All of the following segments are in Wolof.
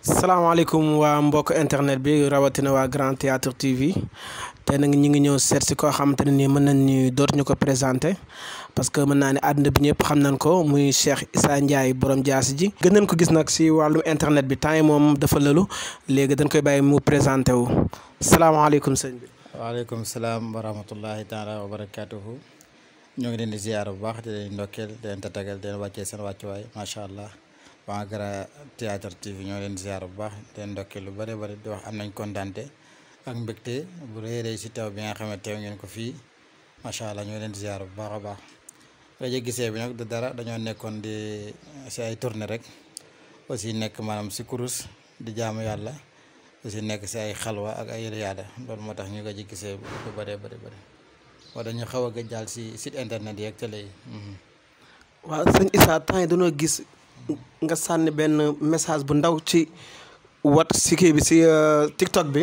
salaamaaleykum waa mbokk internet bi rawatina waa Grand Théâtre TV te nag ñu ngi ñëw seet si koo xamante ne nii mën nañ ñu dootuñu ko présenté parce que mën naa ne àddina bi ñëpp xam nañ ko muy Cheikh Issa Ndiaye borom jaasi ji gën nañ ko gis nag si wàllum internet bi temps yi moom dafa lëlu léegi dañ koy bàyyi mu présenté wu salaamaaleykum sëñ bi waaleykum salaam wa rahmatullahi taala wa barakatuhu ñoo ngi leen di ziar bu baax di leen ndokkeel di leen tatagal di leen wàccee seen wàccuwaay macha allah Bangra Théâtre TV ñoo leen di ziar bu baax di leen ndokkeel lu bëri bëri di wax am nañ kontaante ak mbégte bu rëy rëy si taw bi nga xam ne teew ngeen ko fii macha allah ñoo leen di ziar bu baax a baax. rajo gisee bi nag du dara dañoo nekkoon di si ay tournée rek aussi nekk maanaam si kurus di jaamu yàlla aussi nekk si ay xalwa ak ay riyaada loolu moo tax ñu ko gisee bu bëree bëri bëri. waa ñu xaw a gëj daal si site internet yi ak télé yi. Mhm. waaw sëñ Issa temps yi dañoo gis nga sànni benn message bu ndaw ci wat si kii bi si euh, TikTok bi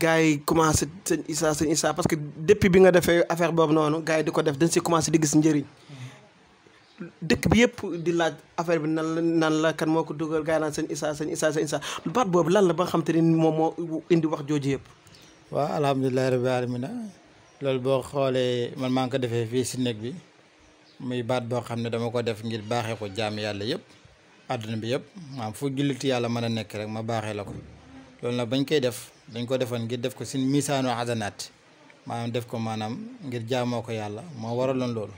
gars yi commencé sëñ Issa sëñ Issa parce que depuis bi nga defee affaire boobu noonu gars yi def dañ si commencé di gis njëriñ. dëkk bi yëpp di laaj affaire bi nan la nan la moo ko dugal gars yi naan sëñ Issa sëñ Issa sëñ Issa baat boobu lan la ba nga xam te ne moom moo indi wax jooju yëpp. waaw alhamdulilah rabbil alamin loolu boo xoolee man maa ngi ko defee fii si néeg bi muy baat boo xam ne dama ko def ngir baaxee ko jaam yàlla yëpp àdduna bi yëpp maam fu julliti yàlla mën a nekk rek ma baaxee la ko loolu nag bañ koy def dañ ko defoon ngir def ko si misaanu xasanaat maanaam def ko maanaam ngir jaamoo ko yàlla moo waraloon loolu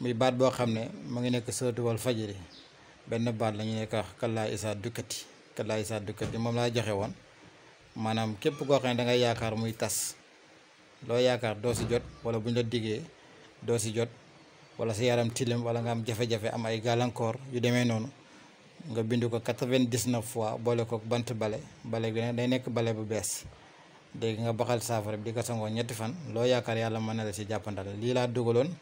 muy baat boo xam ne mu ngi nekk sootu wal fajiri benn baat la ñu nekk wax kallaa isaa dukkati kallaa isaa dukkati moom laa joxe woon maanaam képp yaakaar muy tas lo yaakar do si jot wala buñ la diggé do si jot wala sa yaram tilim wala nga am jafe-jafe am ay galancor yu démé non nga bindu ko 99 vingt dix neuf fois ko bant bale bale bi day nek bale bu bess dég nga baxal safar bi ko sango ñetti fan lo yaakar yalla mën la ci jappandal li la dugulon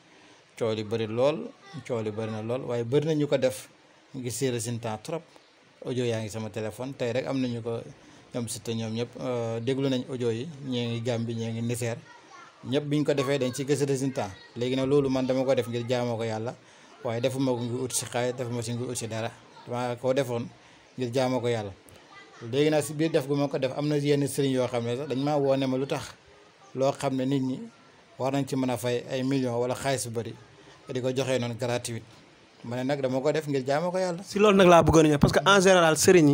cioli bari lol cioli bari na lol waye bari na ñuko def ngi si résultat trop audio yaangi sama téléphone tay rek am nañu ñoom Siteu ñoom ñëpp euh, déglu nañ audio yi ñee ngi Gambie ñee ngi Niger ñëpp biñ ko defee dañ ci gis résultat léegi nag loolu man dama ko def ngir jaamoo ko yàlla waaye defuma ko ngir si xaalis defuma si ngir ut dara dama ko defoon ngir jaamoo ko yàlla léegi nag si biir def gu ma ko def am na yenn sëriñ yoo xam ne sax dañ maa woone ma lu tax loo xam ne nit ñi war nañ ci mën a fay ay millions wala xaalis bu bëri di ko joxee noonu gratuite ma ne nag dama ko def ngir jaamoo ko yàlla. si loolu nag laa bëggoon ñëw parce que en général sëriñ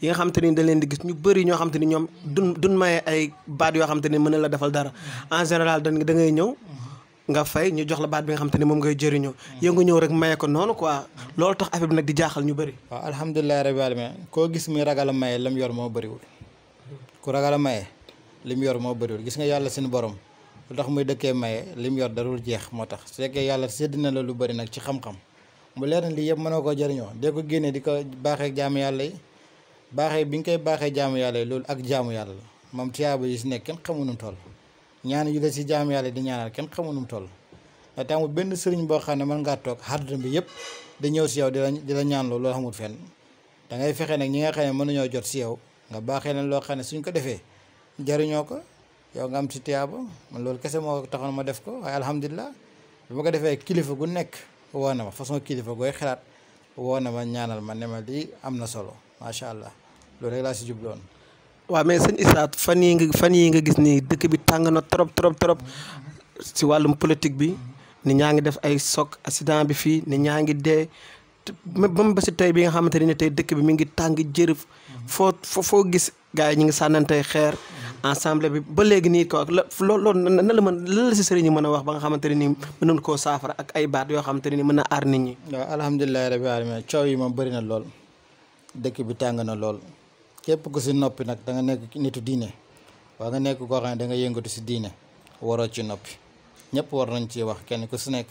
yi. nga xam te ni da leen di gis ñu bëri ñoo xam te ni ñoom duñ duñ maye ay baat yoo xam mën na la defal dara en général da ngay ñëw. nga fay ñu jox la baat bi nga xam te ne moom ngay jëriñoo yow nga ñëw rek maye ko noonu quoi loolu tax affaire bi nag di jaaxal ñu bari waaw alhamdulilahi rabbil alamin koo gis muy ragal a maye lam yor moo bëriwul ku ragal a maye lim yor moo bëriwul gis nga yàlla suñu borom lu tax muy dëkkee maye lim yor darul jeex moo tax su yàlla sédd na la lu bëri nag ci xam mu leer na lii yëpp mënoo koo jariñoo dee ko génne di ko baaxee jaamu yàlla yi baaxee bi nga koy baaxee jaamu yàlla yi loolu ak jaamu yàlla la moom tiyaaba yi si nekk kenn xamu nu mu toll ñaan yu la si jaamu yàlla di ñaanal kenn xamu nu mu toll ndax benn sëriñ boo xam ne mën ngaa toog xaddam bi yëpp da ñëw si yow di la di la ñaan loolu xamul fenn da ngay fexe nag ñi nga xam ne mënuñoo jot si yow nga baaxee leen loo xam ne suñ ko defee jariñoo ko yow nga am si tiyaaba man loolu kese moo taxoon ma def ko waaye alhamdulilah bi ma ko defee kilifa gu nekk woo na ma façon kilifa gooy xalaat woo na ma ñaanal ma ne ma lii am na solo macha allah loolu rek laa si jubloon. waa mais sëñ Issa fan yii nga fan yii nga gis nii dëkk bi tàng na trop trop trop si wàllum politique bi ni ñaa ngi def ay choc accident bi fii ni ñaa ngi dee même ba si tey bi nga xamante ne tey dëkk bi mi ngi tàng jërëf mm-hmm. foo foo gis gars yi ñu ngi sànnante xeer. ensemble bi ba léegi nii ko loolu loolu na la mën lan si sëriñ mën a wax ba nga xamante ne nii mënoon koo saafara ak ay baat yoo xamante ne nii mën na aar nit ñi. waaw alhamdulilah rabbi alamin coow yi moom bëri na lool dëkk bi tàng na lool képp ku si noppi nag danga nga nekk nitu diine waa nga nekk koo xam ne da nga yëngatu si diine waroo ci noppi ñëpp war nañ ci wax kenn ku si nekk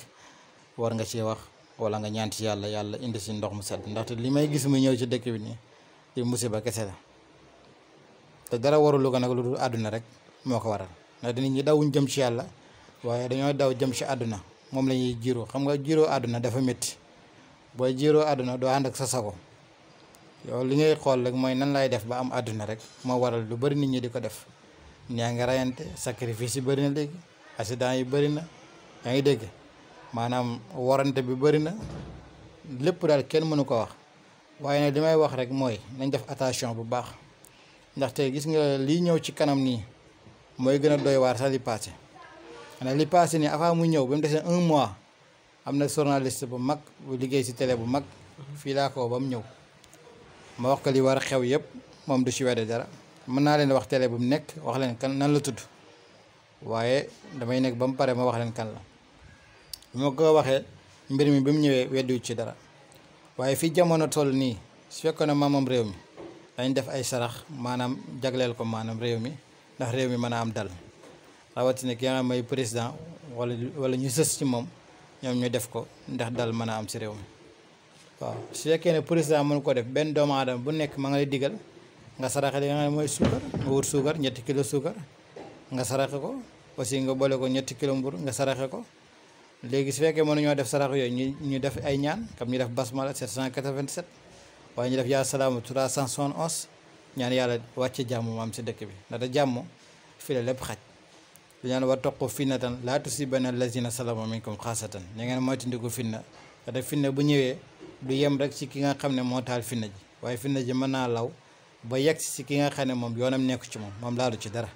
war nga ci wax wala nga ñaan ci yàlla yàlla indi si ndox mu set ndaxte li may gis mu ñëw ci dëkk bi nii di musiba kese la. te dara warulu lu nag lu aduna rek moo ko waral ndax nit ñi jam jëm ci yàlla waaye dañoo daw jëm ci jiro. moom jiro ñuy jiiroo xam nga jiro aduna dafa métti bo jiro aduna do ànd ak sa sago li ngay xool rek mooy nan lay def ba am aduna rek mo waral lu bari nit ñi di ko def ñaa nga rayante sacrifice yi bari na léegi accident yi bari na yaa ngi manam warante bi bari na lepp dal kenn mënu ko wax waye ne wax rek moy nañ def attention bu baax tay gis nga li ñew ci kanam ni moy gëna doy waar sa li passé ana li passé ni avant mu ñew bu mu déssé 1 mois amna journaliste bu mag bu liggéey ci télé bu mag fi la ko bam ñew ma wax ko li war xew yépp mom du ci wédé dara mën na leen wax télé bu nekk wax leen kan nan la tudd waaye damay nekk bam paré pare ma wax leen kan la bi ma ko waxé mbir mi bi mu ñëwee ci dara waaye fi jamono toll ni su fekkone mamam maamam mi dañ def ay sarax manam jaglel ko manam rew mi ndax rew mi am dal rawatina ki nga may président wala wala ñu seuss ci mom ñom ñu def ko ndax dal mana am ci rew mi waaw su ne président mënu ko def ben doom adam, bu nekk ma nga lay digal nga sarax li nga ne sugar nga wut sugar ñet kilo sugar, nga sarax ko aussi nga bolé ko ñet kilo mbur nga sarax ko legi su mënu ñu def sarax yoy ñu def ay ñaan kam ñu def basmala 787 waaye ñu def yaa salaamu trois cent soixante onze ñaan yàlla wàcce jàmm maam si dëkk bi ndaxte jàmm fii la lépp xaj li ñaan war toq fitnatan laa tusibanna allazina salamu minkum xaasatan ña ngeen moytandiku fitna ndaxte fitna bu ñëwee du yem rek ci ki nga xam ne moo taal fitna ji waaye fitna ji mën naa law ba yegg si ki nga xam ne moom yoonam nekku ci moom moom laalu ci dara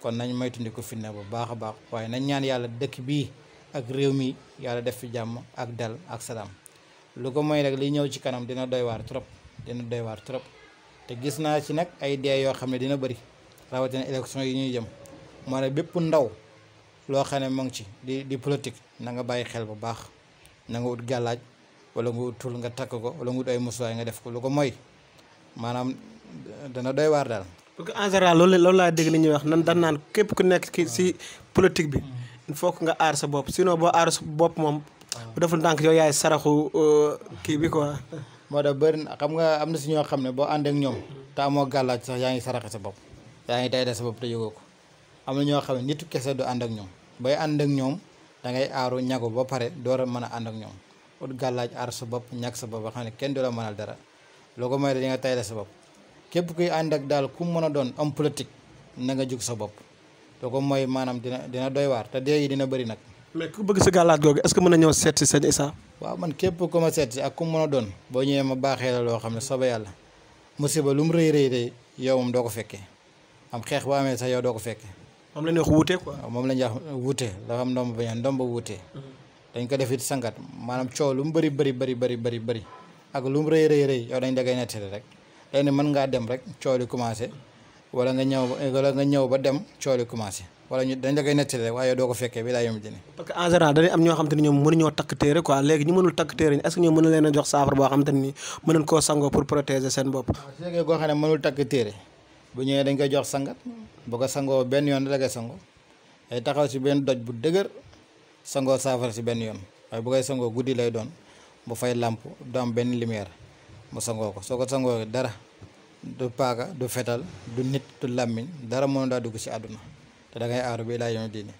kon nañ moytandiku fitna bu baax a baax waaye nañ ñaan yàlla dëkk bii ak réew mi yàlla def fi jàmm ak dal ak salaam lu ko mooy rek li ñëw ci kanam dina doy waar trop dina doy waar trop te gis naa ci nag ay dee yoo xam ne dina bëri rawatina élection yi ñuy jëm moo ne bépp ndaw loo xam ne mu ngi ci di di politique na nga bàyyi xel bu baax na nga ut gàllaaj wala nga ut tul nga takk ko wala nga ut ay muslaay nga def ko lu ko mooy maanaam dana doy waar daal. parce que en général loolu laa dégg ni ñuy wax nan daan naan képp ku nekk ci politique bi mm. il nga aar sa bopp sinon boo aar sa bopp moom. bu deful ndànk yow yaay saraxu euh, kii bi quoi. moo tax bëri xam nga am na si ñoo xam ne boo ànd ak ñoom te amoo gàllaaj sax yaa ngi saraxe sa bopp yaa ngi day da sa bopp te yëgoo ko am na ñoo xam ne kese du ànd ak ñoom bay ànd ak ñoom da ngay aaru ñagu ba pare door a mën a ànd ak ñoom ut gàllaaj aar sa bopp ñag sa bopp xam ne kenn du la mënal dara loo ko may da nga tay sa bopp képp kuy ànd ak daal ku mën a doon homme na nga jug sa bopp loo ko mooy maanaam dina dina doy waar te dee yi dina bëri nag mais ku bëgg sa gàllaat googu est-ce que mën na ñëw seet si sëñ Issa. waaw man képp ku ak ku mu a doon boo ñëwee ma baaxee la loo xam ne soba yàlla musiba lu rëy rëy yow moom doo ko fekkee am xeex boo amee sax yow doo ko fekkee. moom la ñuy wax wuute quoi. waaw moom la ñuy a ko def it maanaam coow lu mu bëri bëri bëri bëri bëri bëri ak lu mu rëy rëy rëy yow dañ dagay nettali rek léegi mën ngaa dem rek coow li commencé wala nga ñëw wala nga ñëw ba dem coow li wala ñu dañ la koy netti rek waaye doo ko fekkee bi laa yem jëne parce que en général dañ am ño xamanteni ñom mënu ñoo tak téré quoi légui ñu mënu tak téré est ce que mënu leena jox safar bo xamanteni mënu ko sango pour protéger sen bop su go koo mënu tak téré bu ñëwee dañ koy jox sangat bu ko sango ben yoon la koy sango ay taxaw ci ben doj bu dëgër sango safar ci ben yoon ay bu koy sango guddi lay doon bu fay làmp do am ben lumière mu sango ko soko sango dara du paga du fetal du nit du lamine dara mënu da dugg ci aduna te da ngay aaru bi laa yoon diini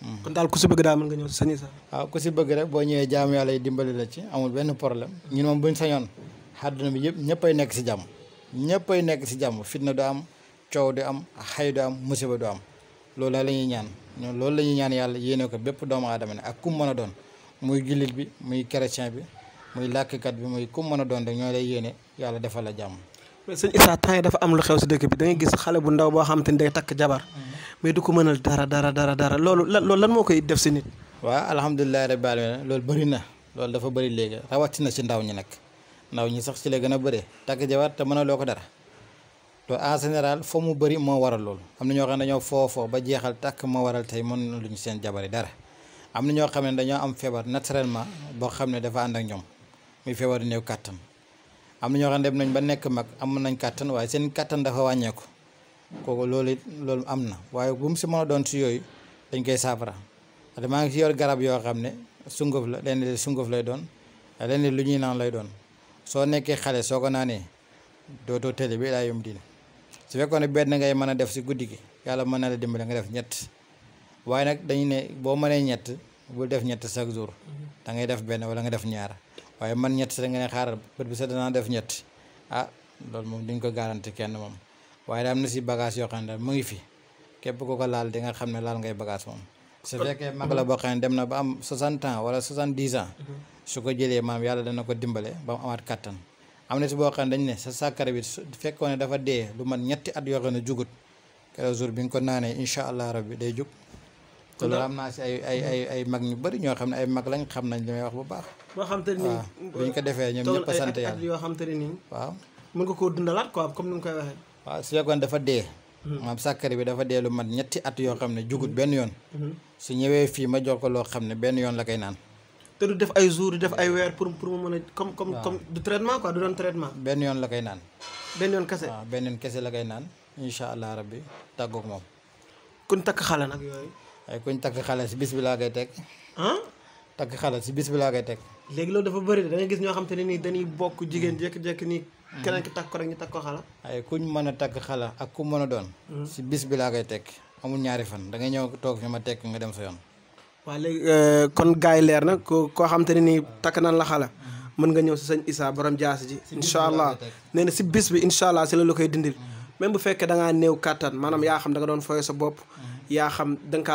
hmm. kon daal ku si bëgg daal mën nga ñëw sa waaw ah, ku boo ñëwee jaamu yàlla yi dimbali la ci amul benn problème ñun moom buñ sañoon àdduna bi yëpp ñëppay nekk si jàmm ñëppay nekk si jàmm fitna du am coow du am xay du am musiba du am la la ñaan ñun loolu la ñaan yàlla yéene ko bépp doomu aadama ne ak kum mën a doon muy jullit bi muy chrétien bi muy làkkat bi muy kum mën a doon rek ñoo lay yéene yàlla defal la jàmm mais sëñ Issa temps yi dafa am lu xew si dëkk bi da ngay gis xale bu ndaw boo xam te ni day takk jabar hmm. mais du ko mënal dara dara dara dara loolu lan lan moo koy def si nit. waaw alhamdulilah rabbil alamin loolu bari na loolu dafa bari léegi rawatina ci ndaw ñi nag ndaw ñi sax ci la gën a bëree takk jabar te mënaloo ko dara to en général foo mu bëri moo waral loolu am na ñoo xam ne foofoo ba jeexal takk moo waral tey mën luñu seen jabar yi dara am na ñoo xam ne dañoo am feebar naturellement boo xam ne dafa ànd ak ñoom muy feebar néew kàttan am na ñoo xam ne dem nañ ba nekk mag am nañ kàttan waaye seen kàttan dafa wàññeeku. kooku loolu loolu am na waaye bu mu si mën a doon si yooyu dañ koy saafara te maa ngi si yor garab yoo xam ne sunguf la lenn sunguf lay doon lenn lu ñuy naan lay doon soo nekkee xale soo ko naanee dootoo tële bi laa yom diine su fekkoon ne benn ngay mën a def si guddi ki yàlla mën na la dimbale nga def ñett waaye nag dañu ne boo mënee ñett bul def ñett chaque jour mm-hmm. da ngay def benn wala nga def ñaar waaye man ñett da nga ne xaaral bët danaa def ñett ah loolu moom duñ ko garanti kenn moom waaye da am na si bagage yoo xam ne mu ngi fi képp ku ko laal di nga xam ne laal ngay bagage moom su fekkee mag la boo xam ne dem na ba am 60 ans wala 70 ans mhm. su ko jëlee maam yàlla dana ko dimbale ba mu amaat kattan am na si boo xam ne dañ ne sa sàkkara bi su fekkoon ne dafa dee lu man ñetti at yoo xam ne jugut keroog jour bi nga ko naanee incha allah rabbi day jug te loolu am naa si ay ay ay ay mag ñu bëri ñoo xam ne ay mag lañ xam nañ li may wax bu baax. boo xam te ne waaw bu ñu ko defee ñoom ñëpp a sant yàlla yoo xam te ne waaw mën nga koo dundalaat quoi comme ni nga koy waxee. waaw su fekkoon dafa dee maam sàkkari bi dafa dee lu mat ñetti at yoo xam ne jugut benn yoon mhm. su ñëwee fii ma jox ko loo xam ne benn yoon la koy naan te ay jours du def ay weer pour pour mu mën comme comme comme du traitement doon traitement benn yoon la koy naan benn kese waaw benn yoon kese la koy naan incha allah rabbi tàggoog moom kuñ takk xale nag yooyu waaye kuñ takk xale si bis bi laa koy teg takk xalaat si la kay tek legui lo dafa bëri da nga gis ño xam te ne dañuy bokku jigen jek mm. jek ni mm. keneen ki takko rek ñu takko xala ay kuñ mëna a xala ak ku mën a doon mm. si la kay tek amul ñaari fan da nga ñew tok ñuma tek nga dem sa yoon wa legui euh, kon gaay leer na ko ko xam te ne nii nan la xala mën nga ñew ci sëñ isa borom jaas ji inshallah neena ci na si bis bi incha allah la la koy dindil même bu fekkee da nga new katan manam ya xam da nga doon fooye sa bop ya xam da nga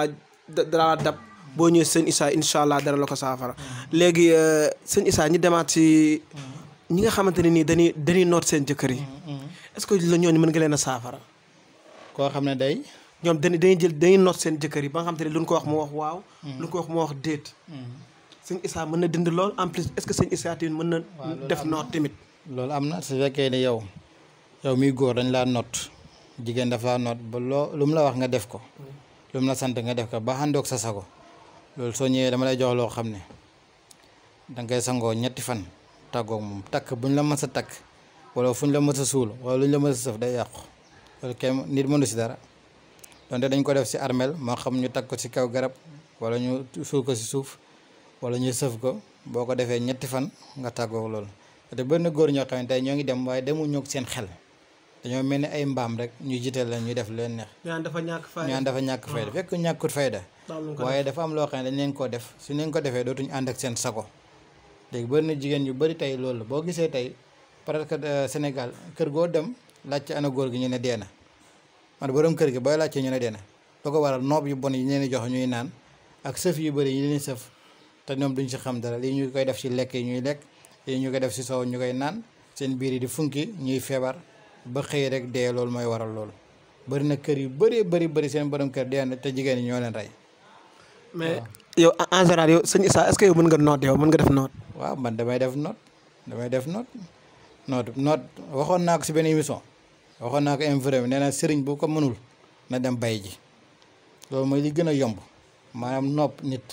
kaa dab boo ñëwee sëñ Issa incha allah dara la ko saafara léegi euh, sëñ Issa ñu demaat si ñi nga xamante ne nii dañuy dañuy noot seen jëkkër yi est-ce que la ñooñu mën nga leen a saafara. koo xam ne day. ñoom dañuy dañuy jël dañuy noot seen jëkkër yi ba nga xamante ne lu ñu ko wax mu wax waaw. Mm. lu ñu wax mu wax déet. Mm. sëñ Issa mën na dindi lool en plus est-ce que sëñ tamit mën na. def noot tamit. loolu am na su fekkee ne yow. yow miy góor dañ laa noot. jigéen dafa noot ba loo lu mu la wax nga def ko. Mm. lu mu la sant nga def ko ba àndoog sa sago lol soo ñëwee dama lay jox lo xamné dang danga sango ñetti fan tàggoog moom tak buñ la mësa tak wala fuñ la mësa sul wala luñ la mësa saf day yaq wala kém nit mënu ci dara donte dañ ko def si armel mo xam ñu tak ko ci kaw garab wala ñu sul ko ci suuf wala ñu saf ko boko défé ñetti fan nga tàggoog lol té bëri na ñoo xam ñoo ngi dem waaye demu ñok seen xel. dañoo mel ni ay mbaam rek ñuy jiital la ñuy def leen neex. ñaan dafa ñàkk fayda ñaan dafa ñàkk fayda ah. fekk ñàkkut fayda. waaye dafa am loo xam ne dañ leen koo def su neen ko defee dootuñu ànd ak seen sago. léegi bari na jigéen ñu bari tey loolu boo gisee tey parce que euh, Sénégal kër goo dem laajte ana góor gi ñu ne dee na man borom kër gi booy laajte ñu ne dee na lu ko waral noob yu bon yi ñu leen jox ñuy naan ak sëf yu bëri yi leen sëf te ñoom duñu ci xam dara lii ñu koy def si lekk yi ñuy lekk ñu koy def si soow ñu koy naan seen biir yi di funki ñuy feebar ba xey rek de lol moy waral lol bari na keur yu bari bari bari seen borom keur de na te jigen ñoo leen ray mais yow en général yow seigne isa est-ce que yow mën nga note yow mën nga def note wa man damay def note damay def note note note waxon na ko si ben émission waxon na ko infirmier vrai naa serigne bu ko mënul na dem bay ji lol moy li gëna a yomb manam nop nit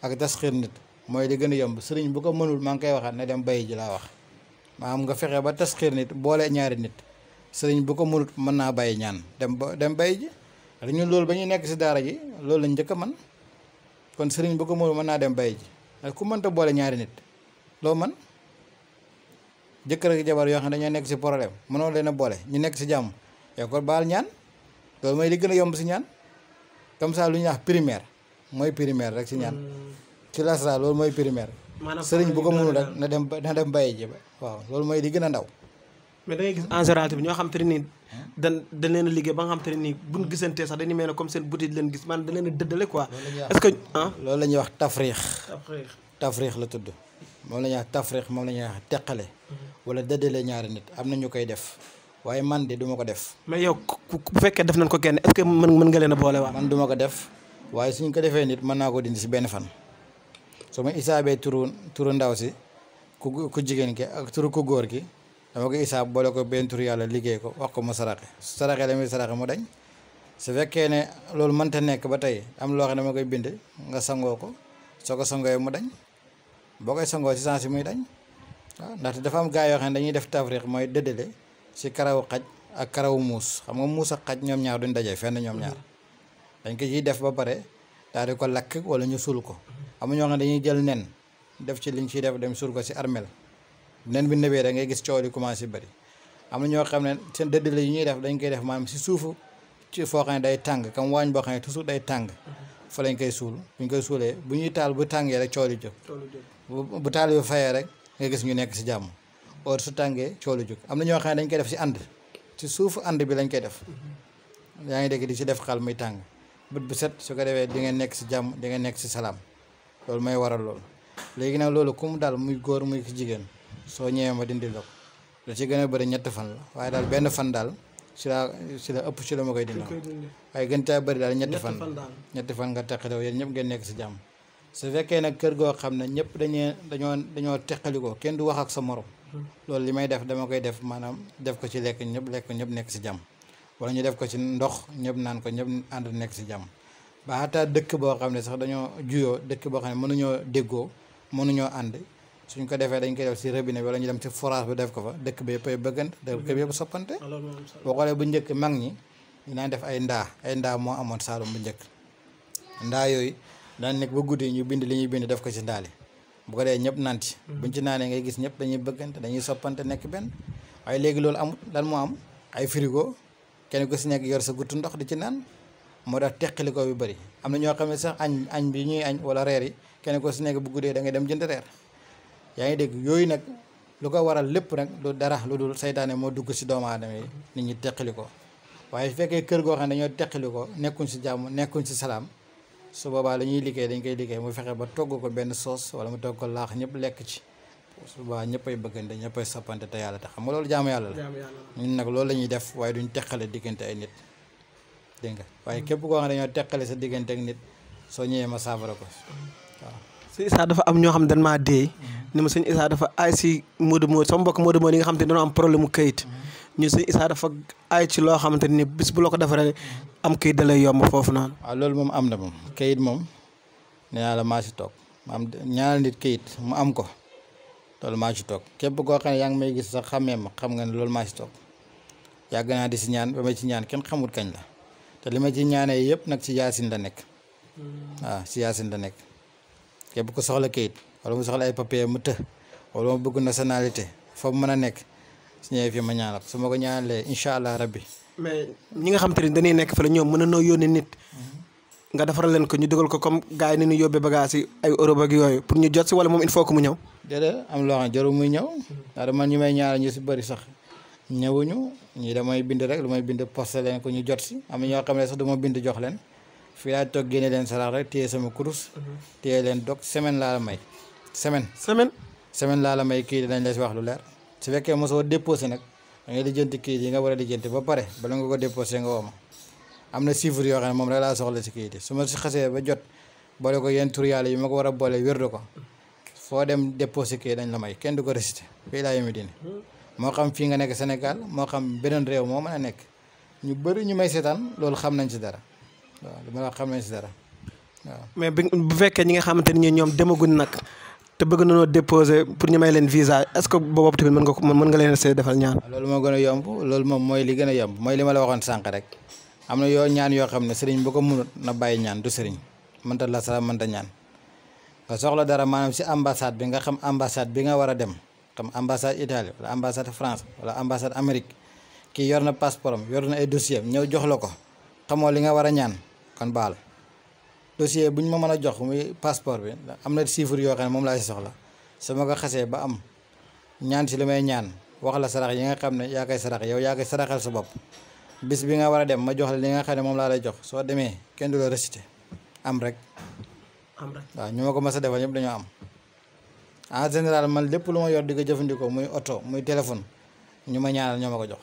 ak tas xir nit moy li gëna a yomb serigne bu ko mënul maa ngi koy na dem bay ji la wax maanaam nga fexé ba tas xir nit boole ñaari nit sëriñ bu ko mënut mën naa bàyyi ñaan dem ba dem bay ji dañu loolu ba ñuy nekk si daara ji loolu lañ njëkk a man kon sëriñ bu ko mënut mën naa dem bay ji ku mënta boole ñaari nit loo man jëkkër ak jabar yoo xam ne dañoo nekk si problème mënoo leen a boole ñu nekk si jàmm yow ko baal ñaan loolu mooy li gën a yomb si ñaan comme ça lu ñuy wax primaire mooy primaire rek si ñaan hmm. ci lasra loolu mooy primaire sëriñ bu ko mënul rek na dem na dem bay ji ba waaw loolu mooy li gën a ndaw mais da ngay gis en général bi ñoo xam dan ne nii dañ dañ leen a liggéey ba nga xam te ne nii bu ñu sax dañu mel comme seen boutique leen gis man dañ leen a dëddale quoi. est-ce que ah. loolu la ñuy wax tafriix. tafriix tafriix la tudd moom la wax tafriix moom la wax teqale. Mhm. wala dëddale ñaari nit am na ñu koy def waaye man de duma ma ko def. mais yow bu fekkee def nañ ko kenn est-ce que man mën nga leen a boole man duma ma ko def waaye suñ ko defee nit mën naa ko dindi si benn fan. su ma isaabee turu turu ndaw si ku ku jigéen ki ak turu ku góor ki dama ko isaab boole ko benn tur liggéey ko wax ko mu saraxe su saraxee la muy saraxe mu dañ su fekkee ne loolu mënta nekk ba tey am loo xam ne dama koy bind nga sangoo ko soo ko sangoo mu dañ boo koy sangoo si sens muy dañ waaw ndaxte dafa am gaa yoo xam ne dañuy def tafriq mooy dëddale si karawu xaj ak karawu muus xam nga muus xaj ñoom ñaar duñ daje fenn ñoom ñaar dañ ko ciy def ba pare daal di ko lakk wala ñu suul ko am ñoo dañuy jël nen def ci liñ ciy def dem suul ko si armel nen bi nebee rek ngay gis coow li commencé bëri am na ñoo xam ne seen dëddale yi ñuy def dañ koy def maanaam si suufu ci foo xam ne day tàng comme waañ boo xam ne toujours day tàng fa lañ koy suul buñ koy suulee bu ñuy taal bu tàngee rek coow li jóg bu taal bi rek nga gis ñu nekk si jàmm or su tàngee coow li am na ñoo xam ne dañ koy def si ànd si suufu ànd bi lañ koy def yaa ngi dégg di si def xal muy tàng bët bu set su ko defee di ngeen nekk si jàmm di ngeen nekk si salaam loolu mooy waral loolu léegi nag loolu ku mu daal muy góor muy jigéen soo ñëwee ma dindil la ko lu ci gën a bëri ñett fan la waaye daal benn fan daal si la si la ëpp si la ma koy dindal waaye gën caa bëri daal ñetti fan ñetti fan nga teqalikoo yéen ñëpp ngeen nekk si jàmm su fekkee nag kër goo xam ne ñëpp dañee dañoo dañoo teqalikoo kenn du wax ak sa morom hmm. loolu li may def dama koy def maanaam def ko ci lekk ñëpp lekk ñëpp nekk si jàmm wala ñu def ko ci ndox ñëpp naan ko ñëpp ànd nekk si jàmm ba dëkk boo xam ne sax dañoo juyoo dëkk boo xam ne mënuñoo déggoo mënuñoo ànd suñ ko defee dañ koy def si robinet bi wala ñu dem si forage bi def ko fa dëkk bi yëpp ay bëggante dëkk bi yëpp soppante ah, boo bu njëkk mag ñi dinaa def ay ndaa ay ndaa moo amoon saalum bu njëkk ndaa yooyu daan nekk ba guddi ñu bind li ñuy bind def ko ci ndaali bu ko dee ñëpp naan ci hmm. buñ ci naanee ngay gis ñëpp dañuy bëggante dañuy soppante nekk benn waaye léegi loolu amul lan moo am ay frigo kenn ku si nekk yor sa guttu ndox di ci naan moo tax teqalikoo bi bari am na ñoo xam ne sax añ añ bi ñuy añ wala reer yi kenn ku si nekk bu guddee da ngay dem jënd reer yaa ngi dégg yooyu nag lu ko waral lépp nag lu dara lu dul saytaane moo dugg si doomu aadama yi nit ñi teqali ko waaye su fekkee kër goo xam ne dañoo teqali ko nekkuñ si jàmm nekkuñ si salaam su boobaa la ñuy liggéey dañ koy liggéey mu fexe ba togg ko benn soos wala mu togg ko laax ñëpp lekk ci su boobaa ñëppay bëggante ñëppay soppante te yàlla te xam nga loolu jaamu yàlla la ñun nag loolu la ñuy def waaye duñu teqale diggante ay nit dégg nga waaye képp koo xam ne dañoo teqale sa diggante nit soo ñëwee ma saafara ko ni ma sëñ Issa dafa aay si Modou Modou sama mbokk Modou Modou yi nga xam te ne dañoo am problème mu kayit ñu sëñ Issa dafa aay ci loo xamante ni bis bu la ko defaree am kayit da yomb foofu naan waaw loolu moom am na moom kayit moom nee naa la maa si toog ma am ñaanal nit kayit mu am ko loolu maa si toog képp koo xam ne yaa ngi may gis sax xamee ma xam nga ne loolu maa si toog yàgg naa di si ñaan ba ma ci ñaan kenn xamul kañ la te li ma ci ñaanee yëpp nag si yaasin la nekk hmm. waaw si yaasin nekk képp ku soxla kayit. wala mu soxla ay papier mu të wala mu bëgg nationalité foofu mën a nekk su ñëwee fii ma ñaanal su ma ko ñaanalee incha allah rabbi. mais ñi nga xam te ne dañuy nekk fële ñoom mën na noo nit. nga defaral leen ko ñu dugal ko comme gars yi ni ñu yóbbee bagage yi ay Europe ak yooyu pour ñu jot si wala moom il foo que mu ñëw. déedéet am loo xam muy ñëw. ndax man ñi may ñaanal ñu si bëri sax. ñëwuñu ñi damay bind rek lu may bind posté leen ko ñu jot si am ñoo xam ne sax du bind jox leen fii laay toog génne sama kurus. Mhm. téye leen laa la semaine semaine semaine laa la may kii dinañ la si wax lu leer su fekkee mosoo déposé nag da lijjanti kii yi nga war a lijjanti ba pare bala nga ko déposé nga woo ma am na chiffre yoo xam ne moom rek laa soxla si kii yi su ma si xasee ba jot boole ko yenn tur yàlla yi ma ko war a boole wérdu ko foo dem déposé kii dañ la may kenn du ko récité fii laa yemi dine moo xam fii nga nekk Sénégal moo xam beneen réew moo mën a nekk ñu bëri ñu may seetaan loolu xam nañ si dara waaw li ma la si dara waaw mais bu fekkee ñi nga te bëgg nañoo déposer pour ñu may leen visa est-ce que bobu tamit mën nga mën nga leen sé defal ñaan. Ah, loolu mo gëna yomb loolu mom moy li gëna yomb moy li ma la waxon sank rek amna na ñaan yo xamne sëriñ bu ko mënut na bàyyi ñaan du sëriñ ta la sala ta ñaan nga soxla dara manam si ambassade bi nga xam ambassade bi nga wara dem xam ambassade italy wala ambassade France wala ambassade amerique ki yor na passeport yor na ay dossier ñew jox la xamoo li nga wara ñaan kon baal dossier buñ ma mëna jox muy passeport bi amna chiffre yo xamne mom la ci si soxla sama ma ko xasee ba am ñaan ci limay ñaan wax la sarax yi nga xamne ne kay sarax yow ya kay saraxal sa bop bis bi nga wara dem ma jox la li nga xamne mom la lay jox so démé kën du la récité am rek. am rek wa ñu ma ko mas a defal ñëpp am. a général man lepp luma yor diga ko muy auto muy téléphone ñuma ñaanal ñoma ko jox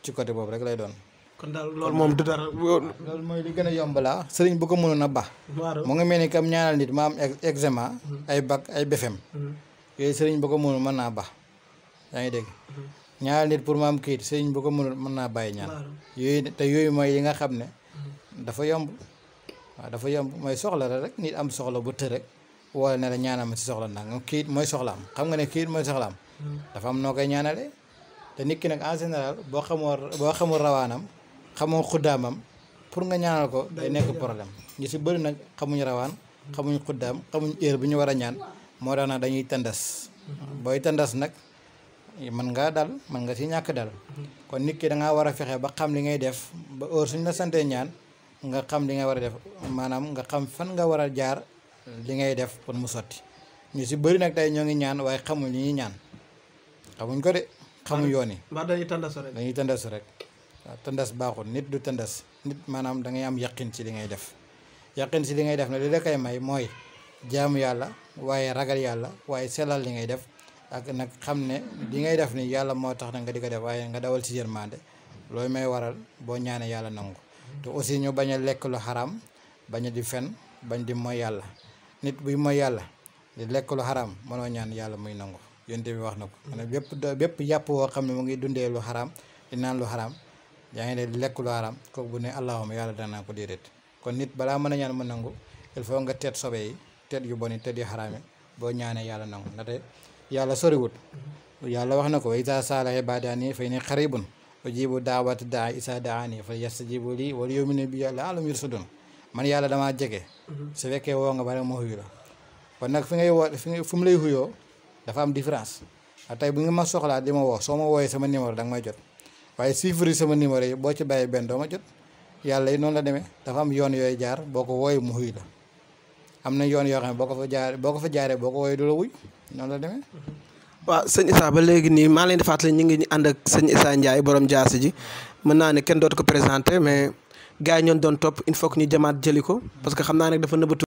ci côté bop rek lay doon kon daal loolu moom du dara. loolu mooy li gën a yomb la sëriñ bu ko mënoon a baax. mu ngi mel ni kam ñaanal nit ma am examen. ay bac ay BFEM. yooyu sëriñ bu ko mënoon mën naa baax ngi dégg. ñaanal hmm. nit pour ma am kayit sëriñ bu ko mënoon mën naa ñaan. yooyu te yooyu mooy yi nga xam hmm. dafa yomb dafa yomb mooy soxla la rek nit am soxla bu të rek. wala ne la ñaanal ma si soxla nangam kayit mooy soxlaam xam nga ne kayit mooy soxlaam. Hmm. dafa am noo koy ñaanale te nit ki nag en général boo xamoo boo xamul rawaanam xamo xuddaamam pour nga ñaanal ko day nekk problème ñu ci bari nak xamuñ kamu xamuñ xuddaam xamuñ heure bi ñu war ñaan mo dana dañuy tandas boy tandas nak man nga dal man nga ci ñak dal kon nit ki da nga wara fexé ba xam li ngay def ba heure suñu la santé ñaan nga xam li nga wara def manam nga xam fan nga wara jaar li ngay def pour mu soti ñu ci bari nak tay ñaan way li ñaan xamuñ ko de xamu yoni ba dañuy rek dañuy rek tandas baxu nit du tandas nit manam da ngay am yaqin ci li ngay def yaqin ci li ngay def na li la koy may moy jaamu yalla waye ragal yalla waye selal li ngay def ak nak xamne ne li ngay def ni yalla mo tax na nga diga def waye nga dawal ci yërmande loy may waral bo ñaané yalla nangu te aussi ñu baña lek lu haram baña di fen bañ di moy yalla nit bu moy yalla di lek lu haram mëno ñaan yalla muy nangu yonte bi wax nako ko bépp bépp yàpp woo xam ngi dundé lu haram di lu haram yaa ngi dee lekk lu haram kooku bu ne allahuma yàlla danaa ko déedéet kon nit balaa mën a ñaan ma nangu il faut nga teet sobe yi teet yu boni teet yu xaraam yi boo ñaanee yàlla nangu ndaxte yàlla soriwut yàlla wax na ko wa isa saala ibaadaani fa inni xaribun ujibu daawata daa isa daani fa yastajibu lii wala yàlla alam yursudun man yàlla damaa jege su fekkee woo nga ma xuyu kon nag fi ngay woo mu lay xuyoo dafa am différence a tey bu nga ma soxlaa di ma woo soo ma wooyee sama numéro da nga may jot waaye suivre sama numéro yi boo ci bàyyi benn doo ma jot yàlla yi noonu la demee dafa am yoon yooyu jaar boo ko wooyee mu wuy la am na yoon yoo xam ne boo ko fa jaaree boo ko fa jaaree boo ko wooyee du la wuy noonu la demee. waaw sëñ Issa ba léegi nii maa leen di fàttali ñu ngi ànd ak sëñ Issa Ndiaye borom jaasi ji mën naa ne kenn dootu ko présenté mais gars yi ñoon doon topp il faut que ñu jamaat jëli ko parce que xam naa ne dafa nëbbatu.